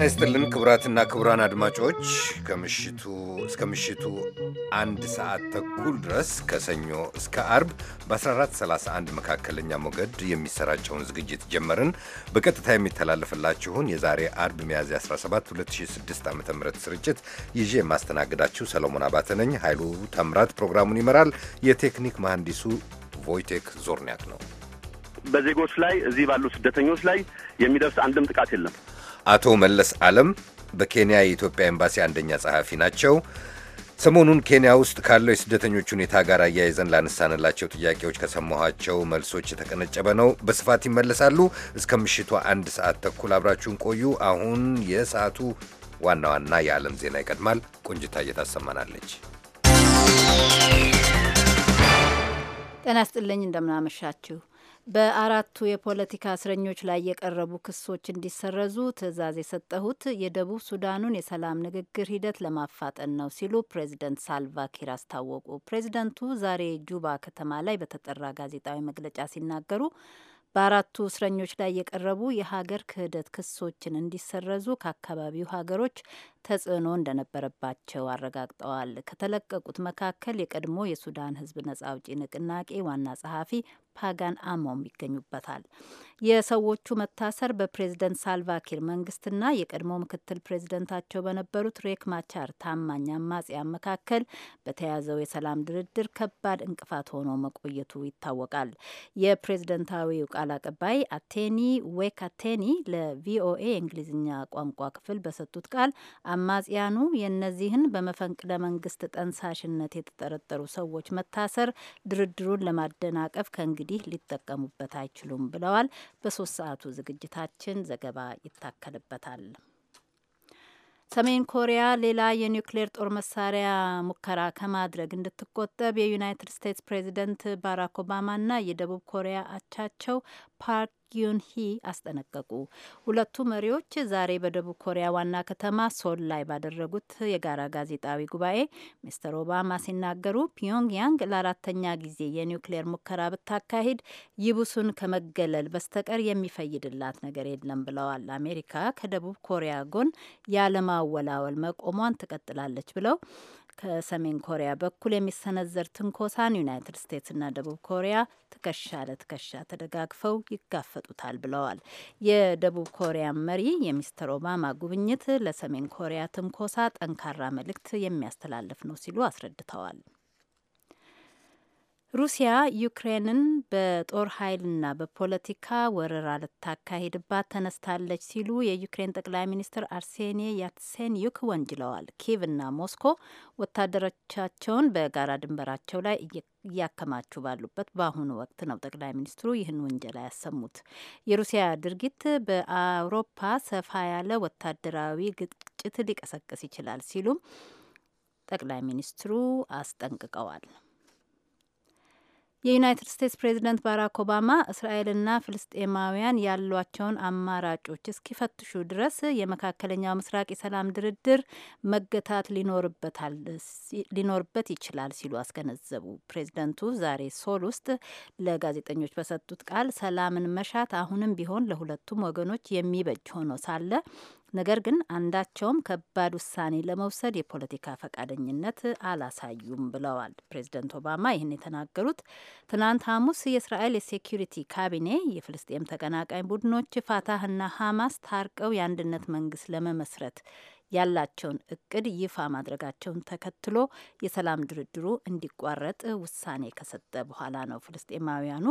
ጤና ይስጥልን ክቡራትና ክቡራን አድማጮች ከምሽቱ እስከ ምሽቱ አንድ ሰዓት ተኩል ድረስ ከሰኞ እስከ አርብ በ1431 መካከለኛ ሞገድ የሚሰራጨውን ዝግጅት ጀመርን። በቀጥታ የሚተላለፍላችሁን የዛሬ አርብ ሚያዝያ 17 2006 ዓ ም ስርጭት ይዤ የማስተናግዳችሁ ሰለሞን አባተ ነኝ። ኃይሉ ተምራት ፕሮግራሙን ይመራል። የቴክኒክ መሐንዲሱ ቮይቴክ ዞርኒያክ ነው። በዜጎች ላይ እዚህ ባሉ ስደተኞች ላይ የሚደርስ አንድም ጥቃት የለም። አቶ መለስ አለም በኬንያ የኢትዮጵያ ኤምባሲ አንደኛ ጸሐፊ ናቸው። ሰሞኑን ኬንያ ውስጥ ካለው የስደተኞች ሁኔታ ጋር አያይዘን ላነሳንላቸው ጥያቄዎች ከሰማኋቸው መልሶች የተቀነጨበ ነው። በስፋት ይመለሳሉ። እስከ ምሽቱ አንድ ሰዓት ተኩል አብራችሁን ቆዩ። አሁን የሰዓቱ ዋና ዋና የዓለም ዜና ይቀድማል። ቆንጅታ እየታሰማናለች። ጤና ይስጥልኝ እንደምናመሻችሁ በአራቱ የፖለቲካ እስረኞች ላይ የቀረቡ ክሶች እንዲሰረዙ ትዕዛዝ የሰጠሁት የደቡብ ሱዳኑን የሰላም ንግግር ሂደት ለማፋጠን ነው ሲሉ ፕሬዚደንት ሳልቫ ኪር አስታወቁ። ፕሬዚደንቱ ዛሬ ጁባ ከተማ ላይ በተጠራ ጋዜጣዊ መግለጫ ሲናገሩ በአራቱ እስረኞች ላይ የቀረቡ የሀገር ክህደት ክሶችን እንዲሰረዙ ከአካባቢው ሀገሮች ተጽዕኖ እንደነበረባቸው አረጋግጠዋል። ከተለቀቁት መካከል የቀድሞ የሱዳን ሕዝብ ነጻ አውጪ ንቅናቄ ዋና ጸሐፊ ፓጋን አሞም ይገኙበታል። የሰዎቹ መታሰር በፕሬዝደንት ሳልቫኪር መንግስትና የቀድሞ ምክትል ፕሬዝደንታቸው በነበሩት ሬክ ማቻር ታማኝ አማጽያን መካከል በተያዘው የሰላም ድርድር ከባድ እንቅፋት ሆኖ መቆየቱ ይታወቃል። የፕሬዝደንታዊው ቃል አቀባይ አቴኒ ዌክ አቴኒ ለቪኦኤ የእንግሊዝኛ ቋንቋ ክፍል በሰጡት ቃል አማጽያኑ የእነዚህን በመፈንቅለ መንግስት ጠንሳሽነት የተጠረጠሩ ሰዎች መታሰር ድርድሩን ለማደናቀፍ እንግዲህ ሊጠቀሙበት አይችሉም ብለዋል። በሶስት ሰዓቱ ዝግጅታችን ዘገባ ይታከልበታል። ሰሜን ኮሪያ ሌላ የኒውክሌር ጦር መሳሪያ ሙከራ ከማድረግ እንድትቆጠብ የዩናይትድ ስቴትስ ፕሬዚደንት ባራክ ኦባማና የደቡብ ኮሪያ አቻቸው ፓርክ ጊዩን ሂ አስጠነቀቁ። ሁለቱ መሪዎች ዛሬ በደቡብ ኮሪያ ዋና ከተማ ሶል ላይ ባደረጉት የጋራ ጋዜጣዊ ጉባኤ ሚስተር ኦባማ ሲናገሩ ፒዮንግያንግ ለአራተኛ ጊዜ የኒውክሌር ሙከራ ብታካሂድ ይብሱን ከመገለል በስተቀር የሚፈይድላት ነገር የለም ብለዋል። አሜሪካ ከደቡብ ኮሪያ ጎን ያለማወላወል መቆሟን ትቀጥላለች ብለው ከሰሜን ኮሪያ በኩል የሚሰነዘር ትንኮሳን ዩናይትድ ስቴትስና ደቡብ ኮሪያ ትከሻ ለትከሻ ተደጋግፈው ይጋፈጡታል ብለዋል። የደቡብ ኮሪያ መሪ የሚስተር ኦባማ ጉብኝት ለሰሜን ኮሪያ ትንኮሳ ጠንካራ መልእክት የሚያስተላልፍ ነው ሲሉ አስረድተዋል። ሩሲያ ዩክሬንን በጦር ኃይልና በፖለቲካ ወረራ ልታካሂድባት ተነስታለች ሲሉ የዩክሬን ጠቅላይ ሚኒስትር አርሴኒ ያትሴንዩክ ወንጅለዋል። ኪቭና ሞስኮ ወታደሮቻቸውን በጋራ ድንበራቸው ላይ እያከማችሁ ባሉበት በአሁኑ ወቅት ነው ጠቅላይ ሚኒስትሩ ይህን ውንጀላ ያሰሙት። የሩሲያ ድርጊት በአውሮፓ ሰፋ ያለ ወታደራዊ ግጭት ሊቀሰቅስ ይችላል ሲሉም ጠቅላይ ሚኒስትሩ አስጠንቅቀዋል። የዩናይትድ ስቴትስ ፕሬዚደንት ባራክ ኦባማ እስራኤልና ፍልስጤማውያን ያሏቸውን አማራጮች እስኪፈትሹ ድረስ የመካከለኛው ምስራቅ የሰላም ድርድር መገታት ሊኖርበት ይችላል ሲሉ አስገነዘቡ። ፕሬዚደንቱ ዛሬ ሶል ውስጥ ለጋዜጠኞች በሰጡት ቃል ሰላምን መሻት አሁንም ቢሆን ለሁለቱም ወገኖች የሚበጅ ሆኖ ሳለ ነገር ግን አንዳቸውም ከባድ ውሳኔ ለመውሰድ የፖለቲካ ፈቃደኝነት አላሳዩም ብለዋል። ፕሬዚደንት ኦባማ ይህን የተናገሩት ትናንት ሐሙስ የእስራኤል የሴኪሪቲ ካቢኔ የፍልስጤም ተቀናቃኝ ቡድኖች ፋታህና ሐማስ ታርቀው የአንድነት መንግስት ለመመስረት ያላቸውን እቅድ ይፋ ማድረጋቸውን ተከትሎ የሰላም ድርድሩ እንዲቋረጥ ውሳኔ ከሰጠ በኋላ ነው። ፍልስጤማውያኑ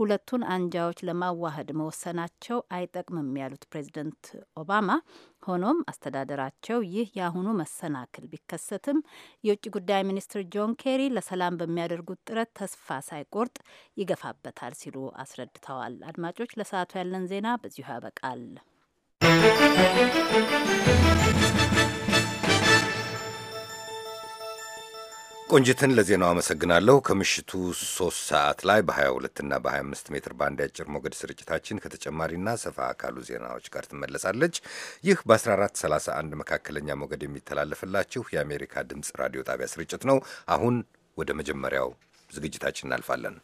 ሁለቱን አንጃዎች ለማዋሃድ መወሰናቸው አይጠቅምም ያሉት ፕሬዚደንት ኦባማ ሆኖም አስተዳደራቸው ይህ የአሁኑ መሰናክል ቢከሰትም የውጭ ጉዳይ ሚኒስትር ጆን ኬሪ ለሰላም በሚያደርጉት ጥረት ተስፋ ሳይቆርጥ ይገፋበታል ሲሉ አስረድተዋል። አድማጮች፣ ለሰዓቱ ያለን ዜና በዚሁ ያበቃል። ቆንጅትን ለዜናው አመሰግናለሁ። ከምሽቱ 3 ሰዓት ላይ በ22 እና በ25 ሜትር ባንድ ያጭር ሞገድ ስርጭታችን ከተጨማሪና ሰፋ አካሉ ዜናዎች ጋር ትመለሳለች። ይህ በ1431 መካከለኛ ሞገድ የሚተላለፍላችሁ የአሜሪካ ድምፅ ራዲዮ ጣቢያ ስርጭት ነው። አሁን ወደ መጀመሪያው ዝግጅታችን እናልፋለን።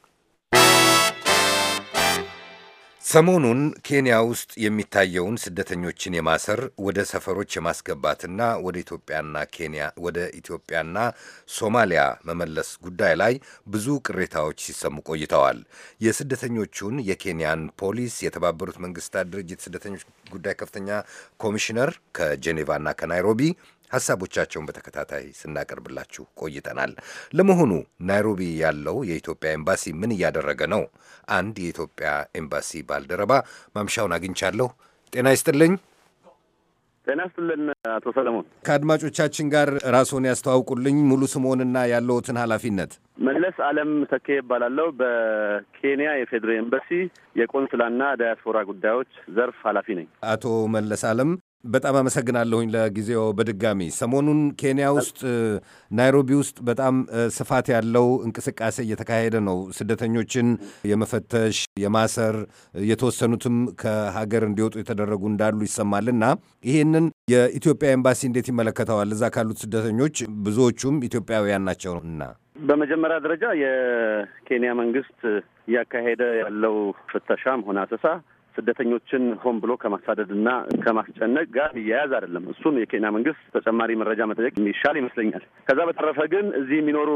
ሰሞኑን ኬንያ ውስጥ የሚታየውን ስደተኞችን የማሰር ወደ ሰፈሮች የማስገባትና ወደ ኢትዮጵያና ኬንያ ወደ ኢትዮጵያና ሶማሊያ መመለስ ጉዳይ ላይ ብዙ ቅሬታዎች ሲሰሙ ቆይተዋል። የስደተኞቹን የኬንያን ፖሊስ፣ የተባበሩት መንግስታት ድርጅት ስደተኞች ጉዳይ ከፍተኛ ኮሚሽነር ከጄኔቫና ከናይሮቢ ሐሳቦቻቸውን በተከታታይ ስናቀርብላችሁ ቆይተናል። ለመሆኑ ናይሮቢ ያለው የኢትዮጵያ ኤምባሲ ምን እያደረገ ነው? አንድ የኢትዮጵያ ኤምባሲ ባልደረባ ማምሻውን አግኝቻለሁ። ጤና ይስጥልኝ። ጤና ይስጥልን አቶ ሰለሞን። ከአድማጮቻችን ጋር ራስዎን ያስተዋውቁልኝ፣ ሙሉ ስምዎንና ያለዎትን ኃላፊነት። መለስ አለም ተኬ እባላለሁ። በኬንያ የፌዴራል ኤምባሲ የቆንስላና ዳያስፖራ ጉዳዮች ዘርፍ ኃላፊ ነኝ። አቶ መለስ አለም በጣም አመሰግናለሁኝ ለጊዜው። በድጋሚ ሰሞኑን ኬንያ ውስጥ ናይሮቢ ውስጥ በጣም ስፋት ያለው እንቅስቃሴ እየተካሄደ ነው። ስደተኞችን የመፈተሽ የማሰር፣ የተወሰኑትም ከሀገር እንዲወጡ የተደረጉ እንዳሉ ይሰማልና ይህንን የኢትዮጵያ ኤምባሲ እንዴት ይመለከተዋል? እዛ ካሉት ስደተኞች ብዙዎቹም ኢትዮጵያውያን ናቸውና በመጀመሪያ ደረጃ የኬንያ መንግስት እያካሄደ ያለው ፍተሻም ሆነ አሰሳ ስደተኞችን ሆን ብሎ ከማሳደድና ከማስጨነቅ ጋር እያያዝ አይደለም። እሱን የኬንያ መንግስት ተጨማሪ መረጃ መጠየቅ የሚሻል ይመስለኛል። ከዛ በተረፈ ግን እዚህ የሚኖሩ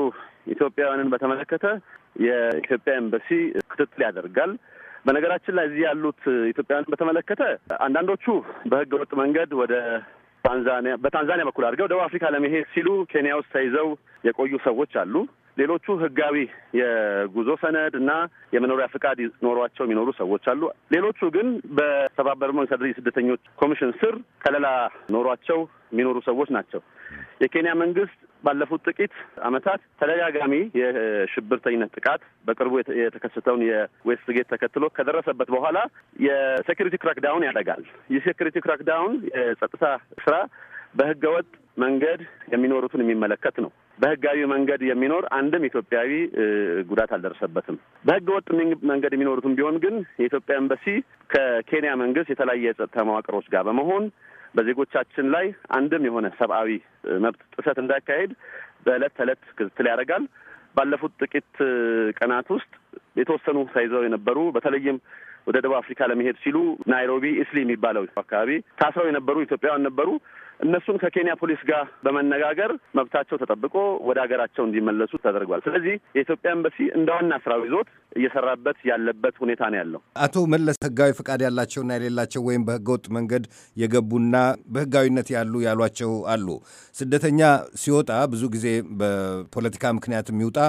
ኢትዮጵያውያንን በተመለከተ የኢትዮጵያ ኤምባሲ ክትትል ያደርጋል። በነገራችን ላይ እዚህ ያሉት ኢትዮጵያውያንን በተመለከተ አንዳንዶቹ በህገ ወጥ መንገድ ወደ ታንዛኒያ በታንዛኒያ በኩል አድርገው ደቡብ አፍሪካ ለመሄድ ሲሉ ኬንያ ውስጥ ተይዘው የቆዩ ሰዎች አሉ። ሌሎቹ ህጋዊ የጉዞ ሰነድ እና የመኖሪያ ፍቃድ ኖሯቸው የሚኖሩ ሰዎች አሉ። ሌሎቹ ግን በተባበሩት መንግስታት ድርጅት ስደተኞች ኮሚሽን ስር ከለላ ኖሯቸው የሚኖሩ ሰዎች ናቸው። የኬንያ መንግስት ባለፉት ጥቂት ዓመታት ተደጋጋሚ የሽብርተኝነት ጥቃት በቅርቡ የተከሰተውን የዌስት ጌት ተከትሎ ከደረሰበት በኋላ የሴኪሪቲ ክራክዳውን ያደርጋል። ይህ ክራክዳውን የጸጥታ ስራ በህገወጥ መንገድ የሚኖሩትን የሚመለከት ነው። በህጋዊ መንገድ የሚኖር አንድም ኢትዮጵያዊ ጉዳት አልደረሰበትም። በህገ ወጥ መንገድ የሚኖሩትም ቢሆን ግን የኢትዮጵያ ኤምባሲ ከኬንያ መንግስት የተለያየ የጸጥታ መዋቅሮች ጋር በመሆን በዜጎቻችን ላይ አንድም የሆነ ሰብአዊ መብት ጥሰት እንዳይካሄድ በዕለት ተዕለት ክትትል ያደርጋል። ባለፉት ጥቂት ቀናት ውስጥ የተወሰኑ ተይዘው የነበሩ በተለይም ወደ ደቡብ አፍሪካ ለመሄድ ሲሉ ናይሮቢ እስሊ የሚባለው አካባቢ ታስረው የነበሩ ኢትዮጵያውያን ነበሩ። እነሱን ከኬንያ ፖሊስ ጋር በመነጋገር መብታቸው ተጠብቆ ወደ ሀገራቸው እንዲመለሱ ተደርጓል። ስለዚህ የኢትዮጵያ ኤምባሲ እንደ ዋና ስራው ይዞት እየሰራበት ያለበት ሁኔታ ነው ያለው። አቶ መለስ ህጋዊ ፈቃድ ያላቸውና የሌላቸው ወይም በህገወጥ መንገድ የገቡና በህጋዊነት ያሉ ያሏቸው አሉ። ስደተኛ ሲወጣ ብዙ ጊዜ በፖለቲካ ምክንያት የሚውጣ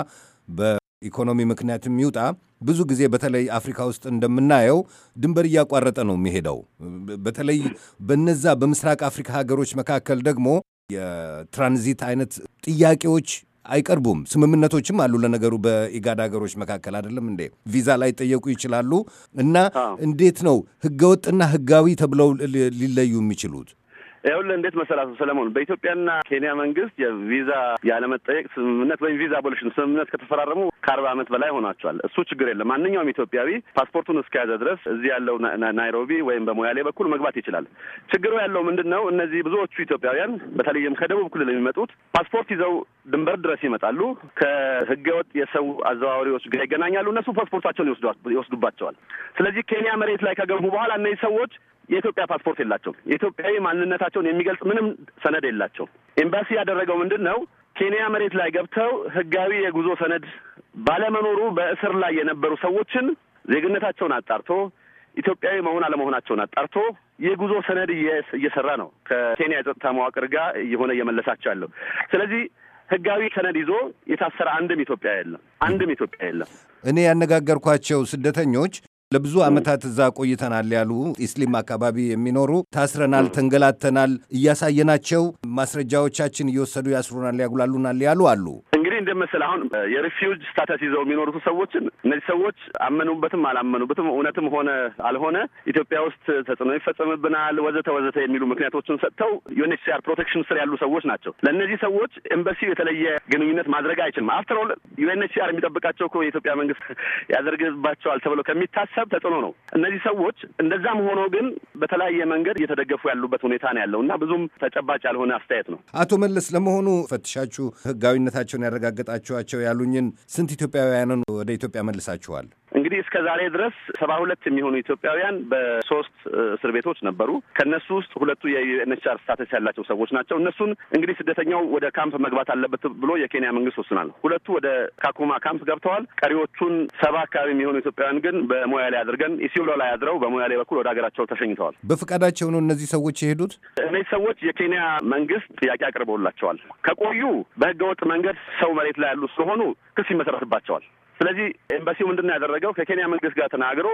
በኢኮኖሚ ምክንያት የሚውጣ ብዙ ጊዜ በተለይ አፍሪካ ውስጥ እንደምናየው ድንበር እያቋረጠ ነው የሚሄደው። በተለይ በነዛ በምስራቅ አፍሪካ ሀገሮች መካከል ደግሞ የትራንዚት አይነት ጥያቄዎች አይቀርቡም። ስምምነቶችም አሉ። ለነገሩ በኢጋድ ሀገሮች መካከል አይደለም እንዴ? ቪዛ ላይ ጠየቁ ይችላሉ። እና እንዴት ነው ህገወጥና ህጋዊ ተብለው ሊለዩ የሚችሉት? ይኸውልህ እንዴት መሰላ ሰለሞን፣ በኢትዮጵያና ኬንያ መንግስት የቪዛ ያለመጠየቅ ስምምነት ወይም ቪዛ አቦሊሽን ስምምነት ከተፈራረሙ ከአርባ ዓመት በላይ ሆናቸዋል። እሱ ችግር የለም። ማንኛውም ኢትዮጵያዊ ፓስፖርቱን እስከያዘ ድረስ እዚህ ያለው ናይሮቢ ወይም በሞያሌ በኩል መግባት ይችላል። ችግሩ ያለው ምንድን ነው? እነዚህ ብዙዎቹ ኢትዮጵያውያን በተለይም ከደቡብ ክልል የሚመጡት ፓስፖርት ይዘው ድንበር ድረስ ይመጣሉ። ከህገወጥ የሰው አዘዋዋሪዎች ጋር ይገናኛሉ። እነሱ ፓስፖርታቸውን ይወስዱባቸዋል። ስለዚህ ኬንያ መሬት ላይ ከገቡ በኋላ እነዚህ ሰዎች የኢትዮጵያ ፓስፖርት የላቸውም። የኢትዮጵያዊ ማንነታቸውን የሚገልጽ ምንም ሰነድ የላቸውም። ኤምባሲ ያደረገው ምንድን ነው? ኬንያ መሬት ላይ ገብተው ህጋዊ የጉዞ ሰነድ ባለመኖሩ በእስር ላይ የነበሩ ሰዎችን ዜግነታቸውን አጣርቶ ኢትዮጵያዊ መሆን አለመሆናቸውን አጣርቶ የጉዞ ሰነድ እየሰራ ነው ከኬንያ የጸጥታ መዋቅር ጋር የሆነ እየመለሳቸው ያለው። ስለዚህ ህጋዊ ሰነድ ይዞ የታሰረ አንድም ኢትዮጵያ የለም፣ አንድም ኢትዮጵያ የለም። እኔ ያነጋገርኳቸው ስደተኞች ለብዙ ዓመታት እዛ ቆይተናል ያሉ ኢስሊም አካባቢ የሚኖሩ ታስረናል፣ ተንገላተናል፣ እያሳየናቸው ማስረጃዎቻችን እየወሰዱ ያስሩናል፣ ያጉላሉናል ያሉ አሉ። እንደመሰለህ አሁን የሪፊውጅ ስታተስ ይዘው የሚኖሩት ሰዎችን እነዚህ ሰዎች አመኑበትም አላመኑበትም እውነትም ሆነ አልሆነ ኢትዮጵያ ውስጥ ተጽዕኖ ይፈጸምብናል ወዘተ ወዘተ የሚሉ ምክንያቶችን ሰጥተው ዩኤንኤችሲአር ፕሮቴክሽን ስር ያሉ ሰዎች ናቸው። ለእነዚህ ሰዎች ኤምባሲው የተለየ ግንኙነት ማድረግ አይችልም። አፍተር ኦል ዩኤንኤችሲአር የሚጠብቃቸው እኮ የኢትዮጵያ መንግስት ያደርግባቸዋል ተብሎ ከሚታሰብ ተጽዕኖ ነው። እነዚህ ሰዎች እንደዛም ሆኖ ግን በተለያየ መንገድ እየተደገፉ ያሉበት ሁኔታ ነው ያለው እና ብዙም ተጨባጭ ያልሆነ አስተያየት ነው። አቶ መለስ ለመሆኑ ፈትሻችሁ ህጋዊነታቸውን ያረጋ ያረጋገጣችኋቸው ያሉኝን ስንት ኢትዮጵያውያንን ወደ ኢትዮጵያ መልሳችኋል? እንግዲህ እስከ ዛሬ ድረስ ሰባ ሁለት የሚሆኑ ኢትዮጵያውያን በሶስት እስር ቤቶች ነበሩ። ከእነሱ ውስጥ ሁለቱ የዩኤንኤችሲአር ስታተስ ያላቸው ሰዎች ናቸው። እነሱን እንግዲህ ስደተኛው ወደ ካምፕ መግባት አለበት ብሎ የኬንያ መንግስት ወስናል። ሁለቱ ወደ ካኩማ ካምፕ ገብተዋል። ቀሪዎቹን ሰባ አካባቢ የሚሆኑ ኢትዮጵያውያን ግን በሞያሌ አድርገን ኢሲዮሎ ላይ አድረው በሞያሌ በኩል ወደ ሀገራቸው ተሸኝተዋል። በፈቃዳቸው ነው እነዚህ ሰዎች የሄዱት። እነዚህ ሰዎች የኬንያ መንግስት ጥያቄ አቅርበውላቸዋል። ከቆዩ በህገወጥ መንገድ ሰው መሬት ላይ ያሉ ስለሆኑ ክስ ይመሰረትባቸዋል። ስለዚህ ኤምባሲው ምንድን ነው ያደረገው? ከኬንያ መንግስት ጋር ተናግሮ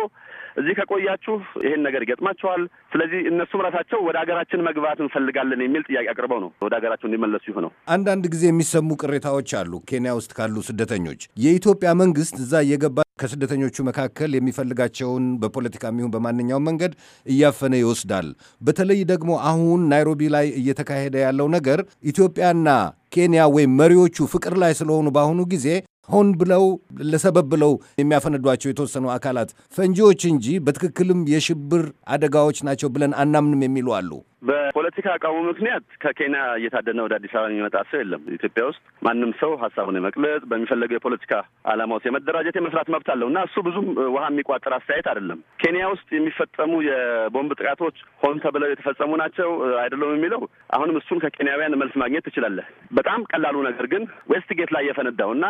እዚህ ከቆያችሁ ይሄን ነገር ይገጥማቸዋል። ስለዚህ እነሱም ራሳቸው ወደ ሀገራችን መግባት እንፈልጋለን የሚል ጥያቄ አቅርበው ነው ወደ ሀገራቸው እንዲመለሱ ይሆነው። አንዳንድ ጊዜ የሚሰሙ ቅሬታዎች አሉ። ኬንያ ውስጥ ካሉ ስደተኞች የኢትዮጵያ መንግስት እዛ እየገባ ከስደተኞቹ መካከል የሚፈልጋቸውን በፖለቲካ የሚሆን በማንኛውም መንገድ እያፈነ ይወስዳል። በተለይ ደግሞ አሁን ናይሮቢ ላይ እየተካሄደ ያለው ነገር ኢትዮጵያና ኬንያ ወይም መሪዎቹ ፍቅር ላይ ስለሆኑ በአሁኑ ጊዜ ሆን ብለው ለሰበብ ብለው የሚያፈነዷቸው የተወሰኑ አካላት ፈንጂዎች እንጂ በትክክልም የሽብር አደጋዎች ናቸው ብለን አናምንም የሚሉ አሉ። በፖለቲካ አቋሙ ምክንያት ከኬንያ እየታደነ ወደ አዲስ አበባ የሚመጣ ሰው የለም። ኢትዮጵያ ውስጥ ማንም ሰው ሀሳቡን የመግለጽ በሚፈለገው የፖለቲካ ዓላማ ውስጥ የመደራጀት የመስራት መብት አለው እና እሱ ብዙም ውሃ የሚቋጠር አስተያየት አይደለም። ኬንያ ውስጥ የሚፈጸሙ የቦምብ ጥቃቶች ሆን ተብለው የተፈጸሙ ናቸው አይደለም የሚለው አሁንም እሱን ከኬንያውያን መልስ ማግኘት ትችላለህ። በጣም ቀላሉ ነገር ግን ዌስትጌት ላይ የፈነዳው እና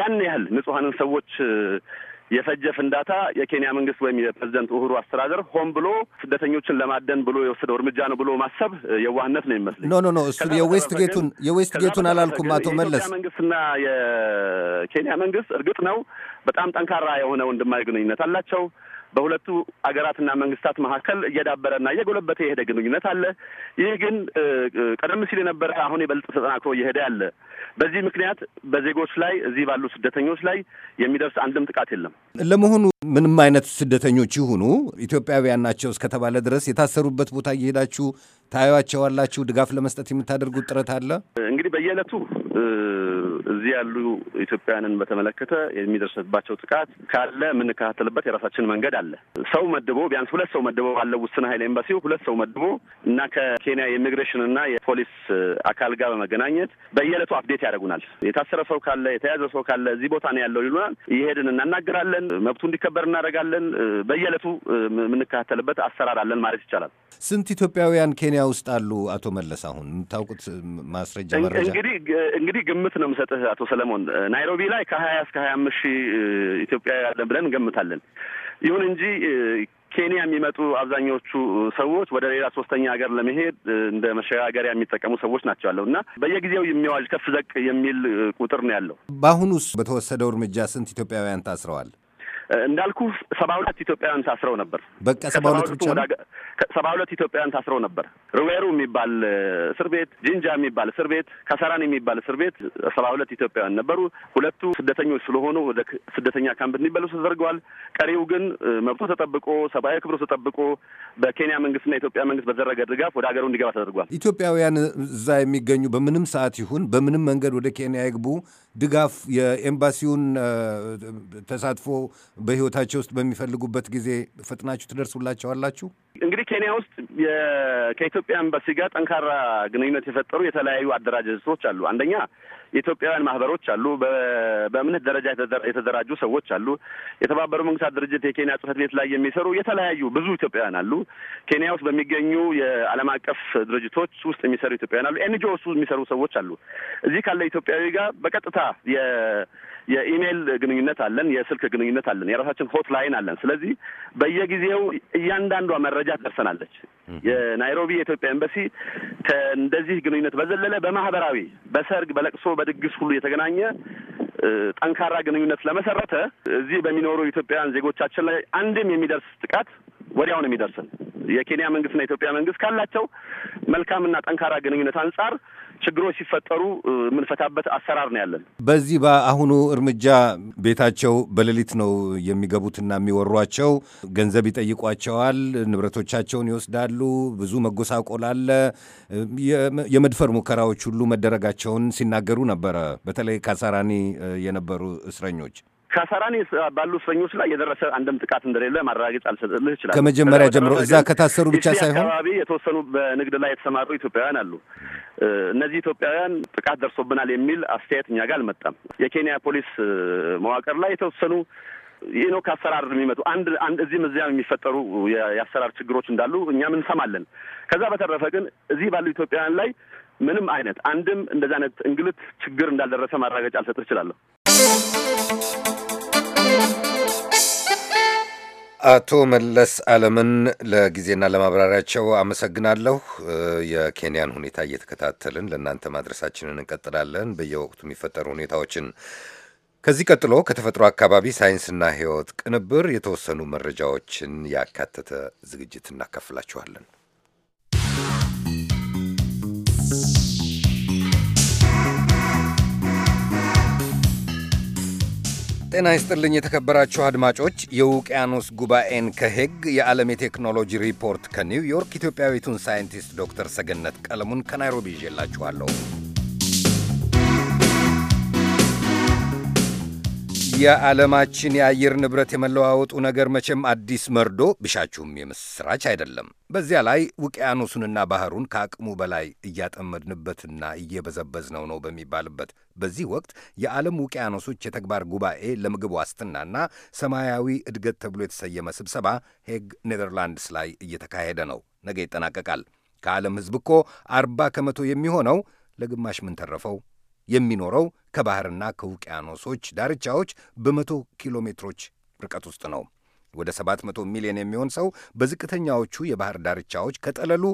ያን ያህል ንጹሐንን ሰዎች የፈጀ ፍንዳታ የኬንያ መንግስት ወይም የፕሬዚደንት ኡሁሩ አስተዳደር ሆን ብሎ ስደተኞችን ለማደን ብሎ የወሰደው እርምጃ ነው ብሎ ማሰብ የዋህነት ነው ይመስለኝ። ኖ ኖ ኖ እሱ የዌስት ጌቱን የዌስት ጌቱን አላልኩም አቶ መለስ። መንግስትና የኬንያ መንግስት እርግጥ ነው በጣም ጠንካራ የሆነ ወንድማዊ ግንኙነት አላቸው። በሁለቱ አገራትና መንግስታት መካከል እየዳበረና እየጎለበተ የሄደ ግንኙነት አለ። ይህ ግን ቀደም ሲል የነበረ አሁን የበልጥ ተጠናክሮ እየሄደ ያለ፣ በዚህ ምክንያት በዜጎች ላይ እዚህ ባሉ ስደተኞች ላይ የሚደርስ አንድም ጥቃት የለም። ለመሆኑ ምንም አይነት ስደተኞች ይሁኑ ኢትዮጵያውያን ናቸው እስከተባለ ድረስ የታሰሩበት ቦታ እየሄዳችሁ ታዩዋቸዋላችሁ? ድጋፍ ለመስጠት የምታደርጉት ጥረት አለ? እንግዲህ በየዕለቱ እዚህ ያሉ ኢትዮጵያውያንን በተመለከተ የሚደርስባቸው ጥቃት ካለ የምንከታተልበት የራሳችን መንገድ አለ። ሰው መድቦ ቢያንስ ሁለት ሰው መድቦ ባለው ውስን ኃይል ኤምባሲው ሁለት ሰው መድቦ እና ከኬንያ የኢሚግሬሽን እና የፖሊስ አካል ጋር በመገናኘት በየዕለቱ አፕዴት ያደርጉናል። የታሰረ ሰው ካለ፣ የተያዘ ሰው ካለ እዚህ ቦታ ነው ያለው ይሉናል። እየሄድን እናናገራለን። መብቱ እንዲከበር እናደርጋለን። በየዕለቱ የምንከታተልበት አሰራር አለን ማለት ይቻላል። ስንት ኢትዮጵያውያን ኬንያ ውስጥ አሉ? አቶ መለስ አሁን የምታውቁት ማስረጃ መረጃ እንግዲህ እንግዲህ ግምት ነው የምሰጥህ አቶ ሰለሞን ናይሮቢ ላይ ከሀያ እስከ ሀያ አምስት ሺህ ኢትዮጵያ ያለን ብለን እንገምታለን። ይሁን እንጂ ኬንያ የሚመጡ አብዛኛዎቹ ሰዎች ወደ ሌላ ሶስተኛ ሀገር ለመሄድ እንደ መሸጋገሪያ የሚጠቀሙ ሰዎች ናቸው ያለው እና በየጊዜው የሚዋዥ ከፍ ዘቅ የሚል ቁጥር ነው ያለው። በአሁኑስ በተወሰደው እርምጃ ስንት ኢትዮጵያውያን ታስረዋል? እንዳልኩ ሰባ ሁለት ኢትዮጵያውያን ታስረው ነበር። በቃ ሰባ ሁለት ብቻ ሰባ ሁለት ኢትዮጵያውያን ታስረው ነበር። ሩዌሩ የሚባል እስር ቤት፣ ጂንጃ የሚባል እስር ቤት፣ ከሰራን የሚባል እስር ቤት ሰባ ሁለት ኢትዮጵያውያን ነበሩ። ሁለቱ ስደተኞች ስለሆኑ ወደ ስደተኛ ካምፕ እንዲመለሱ ተደርገዋል። ቀሪው ግን መብቶ ተጠብቆ ሰብአዊ ክብሮ ተጠብቆ በኬንያ መንግስትና ኢትዮጵያ መንግስት በዘረገ ድጋፍ ወደ ሀገሩ እንዲገባ ተደርጓል። ኢትዮጵያውያን እዛ የሚገኙ በምንም ሰዓት ይሁን በምንም መንገድ ወደ ኬንያ ይግቡ ድጋፍ የኤምባሲውን ተሳትፎ በህይወታቸው ውስጥ በሚፈልጉበት ጊዜ ፈጥናችሁ ትደርሱላቸዋላችሁ? እንግዲህ ኬንያ ውስጥ ከኢትዮጵያ ኤምባሲ ጋር ጠንካራ ግንኙነት የፈጠሩ የተለያዩ አደራጀቶች አሉ። አንደኛ የኢትዮጵያውያን ማህበሮች አሉ፣ በእምነት ደረጃ የተደራጁ ሰዎች አሉ፣ የተባበሩ መንግስታት ድርጅት የኬንያ ጽህፈት ቤት ላይ የሚሰሩ የተለያዩ ብዙ ኢትዮጵያውያን አሉ፣ ኬንያ ውስጥ በሚገኙ የዓለም አቀፍ ድርጅቶች ውስጥ የሚሰሩ ኢትዮጵያውያን አሉ፣ ኤንጂኦ ውስጥ የሚሰሩ ሰዎች አሉ። እዚህ ካለ ኢትዮጵያዊ ጋር በቀጥታ የኢሜይል ግንኙነት አለን፣ የስልክ ግንኙነት አለን፣ የራሳችን ሆት ላይን አለን። ስለዚህ በየጊዜው እያንዳንዷ መረጃ ትደርሰናለች። የናይሮቢ የኢትዮጵያ ኤምባሲ ከእንደዚህ ግንኙነት በዘለለ በማህበራዊ በሰርግ፣ በለቅሶ፣ በድግስ ሁሉ የተገናኘ ጠንካራ ግንኙነት ስለመሰረተ እዚህ በሚኖሩ ኢትዮጵያውያን ዜጎቻችን ላይ አንድም የሚደርስ ጥቃት ወዲያውን የሚደርስን የኬንያ መንግስትና የኢትዮጵያ መንግስት ካላቸው መልካምና ጠንካራ ግንኙነት አንጻር ችግሮች ሲፈጠሩ የምንፈታበት አሰራር ነው ያለን። በዚህ በአሁኑ እርምጃ ቤታቸው በሌሊት ነው የሚገቡትና የሚወሯቸው። ገንዘብ ይጠይቋቸዋል፣ ንብረቶቻቸውን ይወስዳሉ። ብዙ መጎሳቆል አለ። የመድፈር ሙከራዎች ሁሉ መደረጋቸውን ሲናገሩ ነበረ፣ በተለይ ካሳራኒ የነበሩ እስረኞች ከሰራን ባሉ እስረኞች ላይ የደረሰ አንድም ጥቃት እንደሌለ ማረጋገጥ አልሰጥልህ ይችላል። ከመጀመሪያ ጀምሮ እዛ ከታሰሩ ብቻ ሳይሆን አካባቢ የተወሰኑ በንግድ ላይ የተሰማሩ ኢትዮጵያውያን አሉ። እነዚህ ኢትዮጵያውያን ጥቃት ደርሶብናል የሚል አስተያየት እኛ ጋር አልመጣም። የኬንያ ፖሊስ መዋቅር ላይ የተወሰኑ ይህ ነው ከአሰራር የሚመጡ አንድ አንድ እዚህም እዚያም የሚፈጠሩ የአሰራር ችግሮች እንዳሉ እኛም እንሰማለን። ከዛ በተረፈ ግን እዚህ ባሉ ኢትዮጵያውያን ላይ ምንም አይነት አንድም እንደዚህ አይነት እንግልት ችግር እንዳልደረሰ ማረጋገጫ አልሰጥ እችላለሁ። አቶ መለስ አለምን ለጊዜና ለማብራሪያቸው አመሰግናለሁ። የኬንያን ሁኔታ እየተከታተልን ለእናንተ ማድረሳችንን እንቀጥላለን፣ በየወቅቱ የሚፈጠሩ ሁኔታዎችን። ከዚህ ቀጥሎ ከተፈጥሮ አካባቢ ሳይንስና ሕይወት ቅንብር የተወሰኑ መረጃዎችን ያካተተ ዝግጅት እናካፍላችኋለን። ጤና ይስጥልኝ የተከበራችሁ አድማጮች። የውቅያኖስ ጉባኤን ከሄግ የዓለም የቴክኖሎጂ ሪፖርት ከኒውዮርክ ኢትዮጵያዊቱን ሳይንቲስት ዶክተር ሰገነት ቀለሙን ከናይሮቢ ይዤላችኋለሁ። የዓለማችን የአየር ንብረት የመለዋወጡ ነገር መቼም አዲስ መርዶ ብሻችሁም የምስራች አይደለም። በዚያ ላይ ውቅያኖሱንና ባህሩን ከአቅሙ በላይ እያጠመድንበትና እየበዘበዝነው ነው በሚባልበት በዚህ ወቅት የዓለም ውቅያኖሶች የተግባር ጉባኤ ለምግብ ዋስትናና ሰማያዊ እድገት ተብሎ የተሰየመ ስብሰባ ሄግ ኔዘርላንድስ ላይ እየተካሄደ ነው። ነገ ይጠናቀቃል። ከዓለም ሕዝብ እኮ አርባ ከመቶ የሚሆነው ለግማሽ ምን ተረፈው የሚኖረው ከባህርና ከውቅያኖሶች ዳርቻዎች በመቶ ኪሎ ሜትሮች ርቀት ውስጥ ነው። ወደ 700 ሚሊዮን የሚሆን ሰው በዝቅተኛዎቹ የባህር ዳርቻዎች ከጠለሉ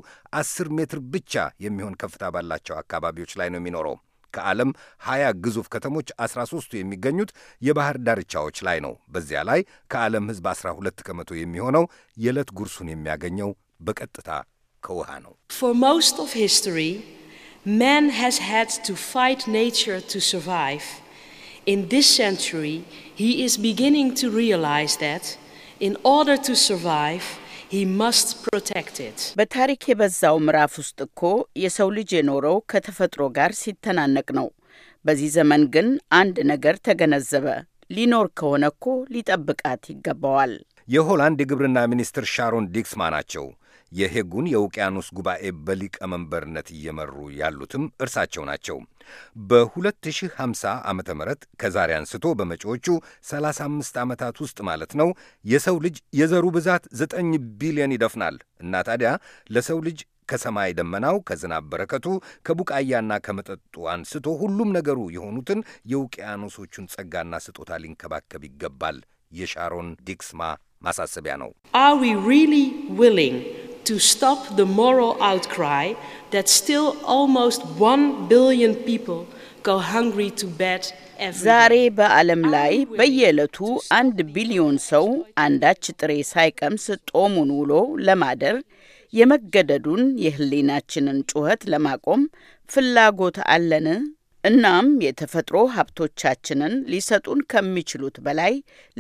10 ሜትር ብቻ የሚሆን ከፍታ ባላቸው አካባቢዎች ላይ ነው የሚኖረው። ከዓለም 20 ግዙፍ ከተሞች 13ቱ የሚገኙት የባህር ዳርቻዎች ላይ ነው። በዚያ ላይ ከዓለም ሕዝብ 12 ከመቶ የሚሆነው የዕለት ጉርሱን የሚያገኘው በቀጥታ ከውሃ ነው። Man has had to fight nature to survive. In this century, he is beginning to realize that, in order to survive, he must protect it. በታሪክ የበዛው ምዕራፍ ውስጥ እኮ የሰው ልጅ የኖረው ከተፈጥሮ ጋር ሲተናነቅ ነው። በዚህ ዘመን ግን አንድ ነገር ተገነዘበ። ሊኖር ከሆነ እኮ ሊጠብቃት ይገባዋል። የሆላንድ የግብርና ሚኒስትር ሻሮን ዲክስማ ናቸው። የሄጉን የውቅያኖስ ጉባኤ በሊቀመንበርነት እየመሩ ያሉትም እርሳቸው ናቸው። በ2050 ዓ ም ከዛሬ አንስቶ በመጪዎቹ 35 ዓመታት ውስጥ ማለት ነው የሰው ልጅ የዘሩ ብዛት 9 ቢሊዮን ይደፍናል እና ታዲያ ለሰው ልጅ ከሰማይ ደመናው ከዝናብ በረከቱ ከቡቃያና ከመጠጡ አንስቶ ሁሉም ነገሩ የሆኑትን የውቅያኖሶቹን ጸጋና ስጦታ ሊንከባከብ ይገባል። የሻሮን ዲክስማ ማሳሰቢያ ነው። to stop the moral outcry that still almost 1 billion people go hungry to bed ዛሬ በዓለም ላይ በየዕለቱ አንድ ቢሊዮን ሰው አንዳች ጥሬ ሳይቀምስ ጦሙን ውሎ ለማደር የመገደዱን የሕሊናችንን ጩኸት ለማቆም ፍላጎት አለን እናም የተፈጥሮ ሀብቶቻችንን ሊሰጡን ከሚችሉት በላይ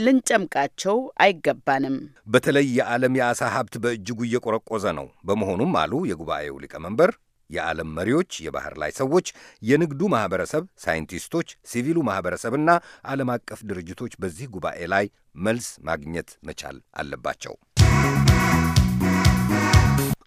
ልንጨምቃቸው አይገባንም። በተለይ የዓለም የአሳ ሀብት በእጅጉ እየቆረቆዘ ነው። በመሆኑም አሉ የጉባኤው ሊቀመንበር የዓለም መሪዎች፣ የባህር ላይ ሰዎች፣ የንግዱ ማኅበረሰብ፣ ሳይንቲስቶች፣ ሲቪሉ ማኅበረሰብና ዓለም አቀፍ ድርጅቶች በዚህ ጉባኤ ላይ መልስ ማግኘት መቻል አለባቸው።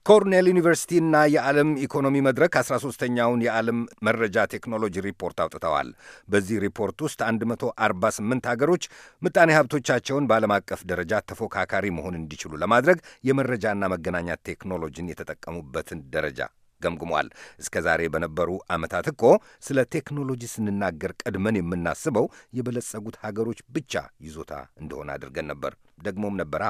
ኮርኔል ዩኒቨርሲቲና የዓለም ኢኮኖሚ መድረክ 13ተኛውን የዓለም መረጃ ቴክኖሎጂ ሪፖርት አውጥተዋል። በዚህ ሪፖርት ውስጥ 148 ሀገሮች ምጣኔ ሀብቶቻቸውን በዓለም አቀፍ ደረጃ ተፎካካሪ መሆን እንዲችሉ ለማድረግ የመረጃና መገናኛ ቴክኖሎጂን የተጠቀሙበትን ደረጃ ገምግሟል። እስከ ዛሬ በነበሩ ዓመታት እኮ ስለ ቴክኖሎጂ ስንናገር ቀድመን የምናስበው የበለጸጉት ሀገሮች ብቻ ይዞታ እንደሆነ አድርገን ነበር። ደግሞም ነበራ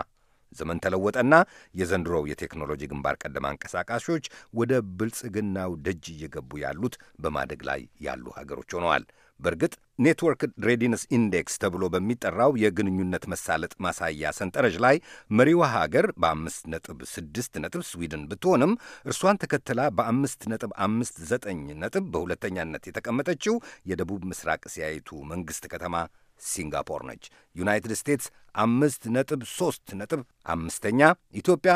ዘመን ተለወጠና የዘንድሮው የቴክኖሎጂ ግንባር ቀደም አንቀሳቃሾች ወደ ብልጽግናው ደጅ እየገቡ ያሉት በማደግ ላይ ያሉ ሀገሮች ሆነዋል። በእርግጥ ኔትወርክ ሬዲነስ ኢንዴክስ ተብሎ በሚጠራው የግንኙነት መሳለጥ ማሳያ ሰንጠረዥ ላይ መሪዋ ሀገር በአምስት ነጥብ ስድስት ነጥብ ስዊድን ብትሆንም እርሷን ተከትላ በአምስት ነጥብ አምስት ዘጠኝ ነጥብ በሁለተኛነት የተቀመጠችው የደቡብ ምስራቅ እስያዊቱ መንግሥት ከተማ ሲንጋፖር ነች። ዩናይትድ ስቴትስ አምስት ነጥብ ሶስት ነጥብ አምስተኛ ኢትዮጵያ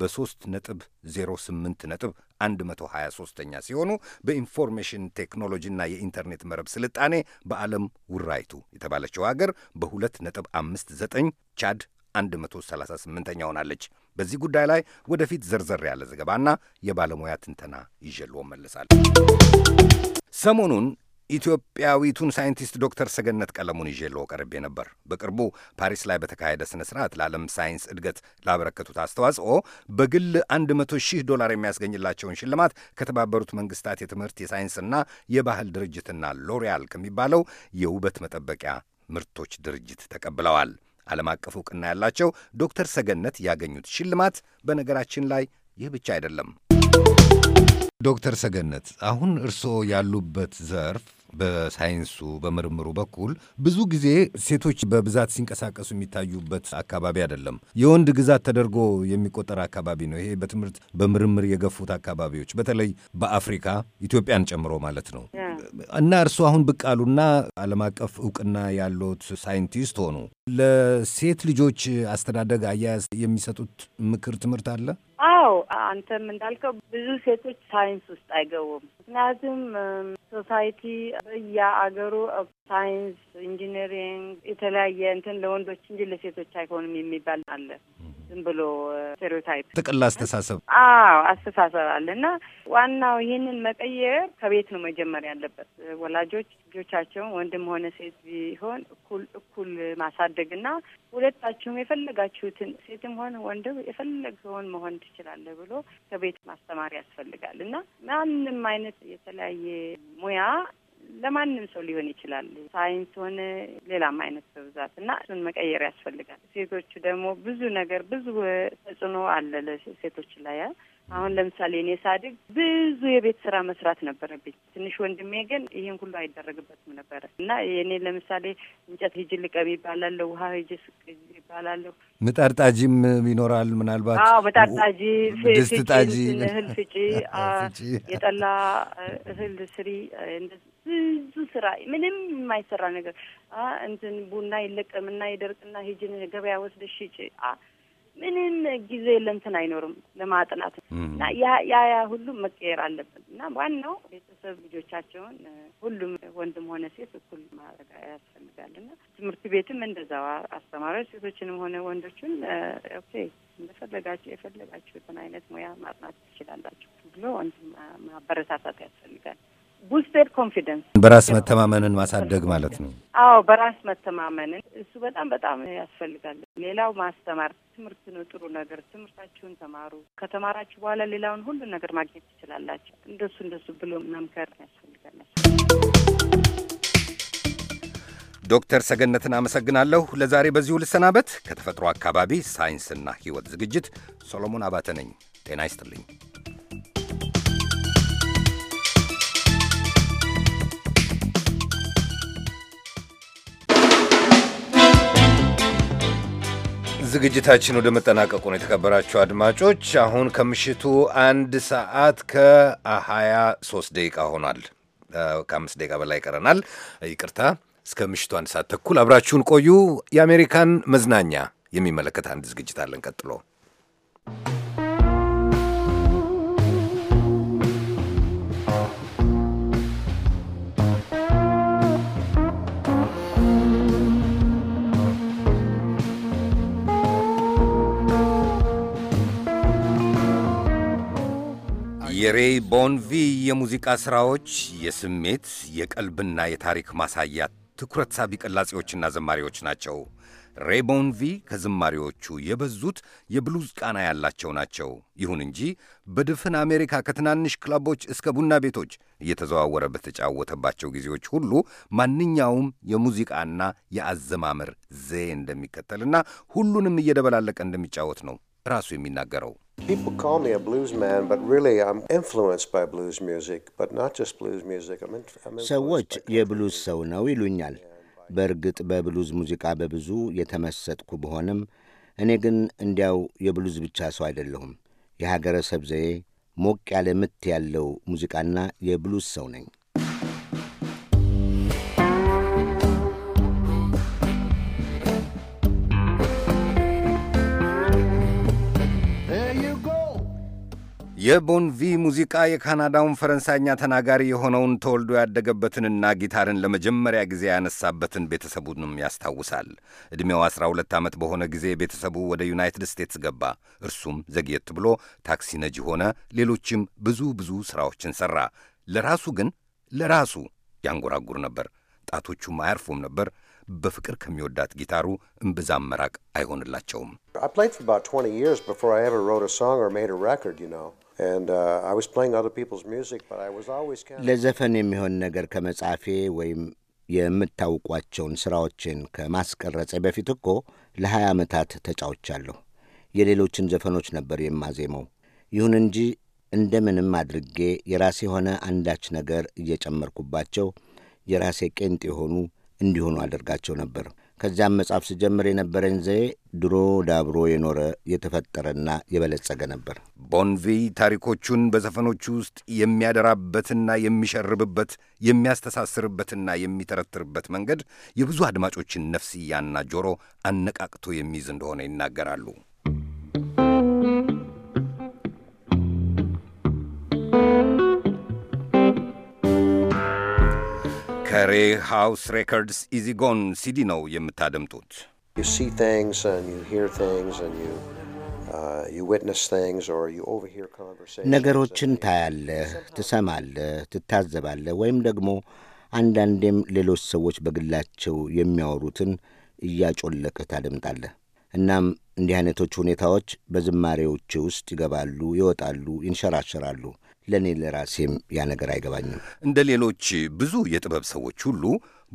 በሶስት ነጥብ ዜሮ ስምንት ነጥብ አንድ መቶ ሀያ ሶስተኛ ሲሆኑ በኢንፎርሜሽን ቴክኖሎጂና የኢንተርኔት መረብ ስልጣኔ በዓለም ውራይቱ የተባለችው ሀገር በሁለት ነጥብ አምስት ዘጠኝ ቻድ 138ኛ ሆናለች። በዚህ ጉዳይ ላይ ወደፊት ዘርዘር ያለ ዘገባና የባለሙያ ትንተና ይዤልዎ መለሳል። ሰሞኑን ኢትዮጵያዊቱን ሳይንቲስት ዶክተር ሰገነት ቀለሙን ይዤለው ቀርቤ ነበር። በቅርቡ ፓሪስ ላይ በተካሄደ ስነ ስርዓት ለዓለም ሳይንስ እድገት ላበረከቱት አስተዋጽኦ በግል 100 ሺህ ዶላር የሚያስገኝላቸውን ሽልማት ከተባበሩት መንግስታት የትምህርት የሳይንስና የባህል ድርጅትና ሎሪያል ከሚባለው የውበት መጠበቂያ ምርቶች ድርጅት ተቀብለዋል። ዓለም አቀፍ እውቅና ያላቸው ዶክተር ሰገነት ያገኙት ሽልማት በነገራችን ላይ ይህ ብቻ አይደለም። ዶክተር ሰገነት አሁን እርስዎ ያሉበት ዘርፍ በሳይንሱ በምርምሩ በኩል ብዙ ጊዜ ሴቶች በብዛት ሲንቀሳቀሱ የሚታዩበት አካባቢ አይደለም። የወንድ ግዛት ተደርጎ የሚቆጠር አካባቢ ነው። ይሄ በትምህርት በምርምር የገፉት አካባቢዎች በተለይ በአፍሪካ ኢትዮጵያን ጨምሮ ማለት ነው። እና እርሱ አሁን ብቅ አሉና ዓለም አቀፍ እውቅና ያለት ሳይንቲስት ሆኑ። ለሴት ልጆች አስተዳደግ አያያዝ የሚሰጡት ምክር ትምህርት አለ? አዎ አንተም እንዳልከው ብዙ ሴቶች ሳይንስ ውስጥ አይገቡም። ምክንያቱም ሶሳይቲ በየአገሩ ሳይንስ፣ ኢንጂነሪንግ የተለያየ እንትን ለወንዶች እንጂ ለሴቶች አይሆንም የሚባል አለ። ዝም ብሎ ስቴሪዮታይፕ ጥቅል አስተሳሰብ አዎ አስተሳሰብ አለ እና ዋናው ይህንን መቀየር ከቤት ነው መጀመር ያለበት። ወላጆች ልጆቻቸውን ወንድም ሆነ ሴት ቢሆን እኩል እኩል ማሳደግና ሁለታችሁም የፈለጋችሁትን ሴትም ሆነ ወንድም የፈለግኸውን መሆን ትችላለህ ብሎ ከቤት ማስተማር ያስፈልጋል እና ማንም አይነት የተለያየ ሙያ ለማንም ሰው ሊሆን ይችላል። ሳይንስ ሆነ ሌላም አይነት በብዛት እና እሱን መቀየር ያስፈልጋል። ሴቶቹ ደግሞ ብዙ ነገር ብዙ ተጽዕኖ አለ ለሴቶች ላይ አሁን ለምሳሌ እኔ ሳድግ ብዙ የቤት ስራ መስራት ነበረብኝ። ትንሽ ወንድሜ ግን ይህን ሁሉ አይደረግበትም ነበረ እና የእኔ ለምሳሌ እንጨት ሂጂ ልቀም ይባላለሁ፣ ውሃ ሂጂ ስቅ ይባላለሁ። ምጣድ ጣጂም ይኖራል ምናልባት። አዎ ምጣድ ጣጂ፣ ድስት ጣጂ፣ እህል ፍጪ፣ የጠላ እህል ስሪ ብዙ ስራ ምንም የማይሰራ ነገር እንትን ቡና ይለቀምና ይደርቅና ሂጂን ገበያ ወስደሽ ሽጪ ምንም ጊዜ ለእንትን አይኖርም ለማጥናት እና ያ ያ ሁሉም መቀየር አለበት እና ዋናው ቤተሰብ ልጆቻቸውን ሁሉም ወንድም ሆነ ሴት እኩል ማድረግ ያስፈልጋል እና ትምህርት ቤትም እንደዛው አስተማሪዎች ሴቶችንም ሆነ ወንዶችን ኦኬ እንደፈለጋችሁ የፈለጋችሁትን አይነት ሙያ ማጥናት ትችላላችሁ ብሎ ማበረታታት ያስፈልጋል። ቡስተር ኮንፊደንስ በራስ መተማመንን ማሳደግ ማለት ነው። አዎ በራስ መተማመንን እሱ በጣም በጣም ያስፈልጋል። ሌላው ማስተማር ትምህርት ነው ጥሩ ነገር። ትምህርታችሁን ተማሩ። ከተማራችሁ በኋላ ሌላውን ሁሉን ነገር ማግኘት ትችላላችሁ። እንደሱ እንደሱ ብሎ መምከር ያስፈልጋል። ዶክተር ሰገነትን አመሰግናለሁ። ለዛሬ በዚሁ ልሰናበት። ከተፈጥሮ አካባቢ ሳይንስና ሕይወት ዝግጅት ሶሎሞን አባተ ነኝ። ጤና ይስጥልኝ። ዝግጅታችን ወደ መጠናቀቁ ነው። የተከበራችሁ አድማጮች አሁን ከምሽቱ አንድ ሰዓት ከ23 ደቂቃ ሆኗል። ከአምስት ደቂቃ በላይ ይቀረናል። ይቅርታ፣ እስከ ምሽቱ አንድ ሰዓት ተኩል አብራችሁን ቆዩ። የአሜሪካን መዝናኛ የሚመለከት አንድ ዝግጅት አለን ቀጥሎ የሬይ ቦንቪ የሙዚቃ ሥራዎች የስሜት የቀልብና የታሪክ ማሳያ ትኩረት ሳቢ ቅላጼዎችና ዘማሪዎች ናቸው። ሬይ ቦንቪ ከዝማሪዎቹ የበዙት የብሉዝ ቃና ያላቸው ናቸው። ይሁን እንጂ በድፍን አሜሪካ ከትናንሽ ክለቦች እስከ ቡና ቤቶች እየተዘዋወረ በተጫወተባቸው ጊዜዎች ሁሉ ማንኛውም የሙዚቃና የአዘማመር ዘዬ እንደሚከተልና ሁሉንም እየደበላለቀ እንደሚጫወት ነው ራሱ የሚናገረው። People call me a blues man, but really I'm influenced by blues music, but not just blues music. I'm in, I'm ሰዎች የብሉዝ ሰው ነው ይሉኛል። በእርግጥ በብሉዝ ሙዚቃ በብዙ የተመሰጥኩ ብሆንም እኔ ግን እንዲያው የብሉዝ ብቻ ሰው አይደለሁም። የሀገረሰብ ዘዬ ሞቅ ያለ ምት ያለው ሙዚቃና የብሉዝ ሰው ነኝ። የቦንቪ ሙዚቃ የካናዳውን ፈረንሳይኛ ተናጋሪ የሆነውን ተወልዶ ያደገበትንና ጊታርን ለመጀመሪያ ጊዜ ያነሳበትን ቤተሰቡንም ያስታውሳል። ዕድሜው 12 ዓመት በሆነ ጊዜ ቤተሰቡ ወደ ዩናይትድ ስቴትስ ገባ። እርሱም ዘግየት ብሎ ታክሲ ነጂ ሆነ። ሌሎችም ብዙ ብዙ ሥራዎችን ሠራ። ለራሱ ግን ለራሱ ያንጎራጉር ነበር። ጣቶቹም አያርፉም ነበር። በፍቅር ከሚወዳት ጊታሩ እምብዛም መራቅ አይሆንላቸውም። Uh, ለዘፈን የሚሆን ነገር ከመጻፌ ወይም የምታውቋቸውን ሥራዎችን ከማስቀረጼ በፊት እኮ ለ20 ዓመታት ተጫውቻለሁ። የሌሎችን ዘፈኖች ነበር የማዜመው። ይሁን እንጂ እንደምንም አድርጌ የራሴ የሆነ አንዳች ነገር እየጨመርኩባቸው የራሴ ቄንጥ የሆኑ እንዲሆኑ አደርጋቸው ነበር። ከዚያም መጻፍ ስጀምር የነበረኝ ዘዬ ድሮ ዳብሮ የኖረ የተፈጠረና የበለጸገ ነበር። ቦንቪ ታሪኮቹን በዘፈኖቹ ውስጥ የሚያደራበትና የሚሸርብበት የሚያስተሳስርበትና የሚተረትርበት መንገድ የብዙ አድማጮችን ነፍስያና ጆሮ አነቃቅቶ የሚይዝ እንደሆነ ይናገራሉ። ከሬ ሃውስ ሬኮርድስ ኢዚጎን ሲዲ ነው የምታደምጡት። uh, ነገሮችን ታያለህ፣ ትሰማለህ፣ ትታዘባለህ ወይም ደግሞ አንዳንዴም ሌሎች ሰዎች በግላቸው የሚያወሩትን እያጮለቅህ ታደምጣለህ። እናም እንዲህ አይነቶች ሁኔታዎች በዝማሬዎች ውስጥ ይገባሉ፣ ይወጣሉ፣ ይንሸራሸራሉ። ለእኔ ለራሴም ያ ነገር አይገባኝም። እንደ ሌሎች ብዙ የጥበብ ሰዎች ሁሉ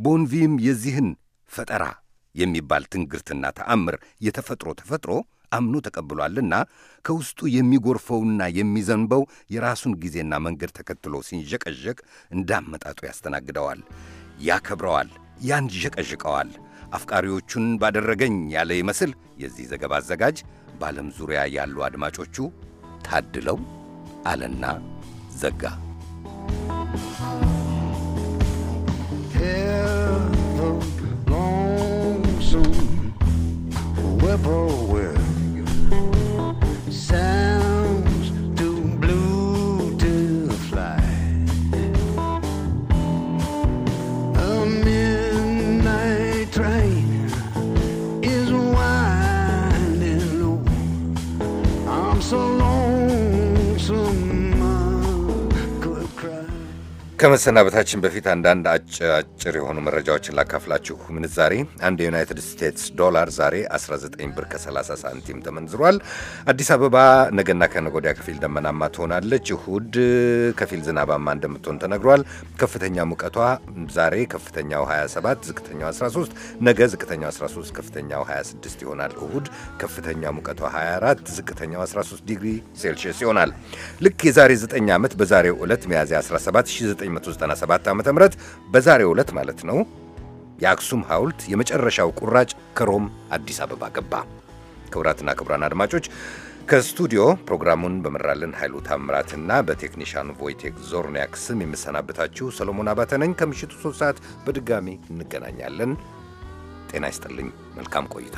ቦንቪም የዚህን ፈጠራ የሚባል ትንግርትና ተአምር የተፈጥሮ ተፈጥሮ አምኖ ተቀብሏልና ከውስጡ የሚጎርፈውና የሚዘንበው የራሱን ጊዜና መንገድ ተከትሎ ሲንዠቀዠቅ እንዳመጣጡ ያስተናግደዋል፣ ያከብረዋል፣ ያንዠቀዥቀዋል። አፍቃሪዎቹን ባደረገኝ ያለ ይመስል የዚህ ዘገባ አዘጋጅ በዓለም ዙሪያ ያሉ አድማጮቹ ታድለው አለና Zagga. Yeah, ከመሰናበታችን በፊት አንዳንድ አጭር የሆኑ መረጃዎችን ላካፍላችሁ። ምንዛሬ አንድ የዩናይትድ ስቴትስ ዶላር ዛሬ 19 ብር ከ30 ሳንቲም ተመንዝሯል። አዲስ አበባ ነገና ከነጎዲያ ከፊል ደመናማ ትሆናለች። እሁድ ከፊል ዝናባማ እንደምትሆን ተነግሯል። ከፍተኛ ሙቀቷ ዛሬ ከፍተኛው 27፣ ዝቅተኛው 13፣ ነገ ዝቅተኛው 13፣ ከፍተኛው 26 ይሆናል። እሁድ ከፍተኛ ሙቀቷ 24፣ ዝቅተኛው 13 ዲግሪ ሴልሺየስ ይሆናል። ልክ የዛሬ 9 ዓመት በዛሬው ዕለት ሚያዝያ 17 1997 ዓ ም በዛሬው ዕለት ማለት ነው የአክሱም ሐውልት የመጨረሻው ቁራጭ ከሮም አዲስ አበባ ገባ። ክቡራትና ክቡራን አድማጮች ከስቱዲዮ ፕሮግራሙን በመራልን ኃይሉ ታምራትና በቴክኒሻን ቮይቴክ ዞርኒያክ ስም የምሰናበታችሁ ሰሎሞን አባተ ነኝ። ከምሽቱ ሶስት ሰዓት በድጋሚ እንገናኛለን። ጤና ይስጥልኝ። መልካም ቆይታ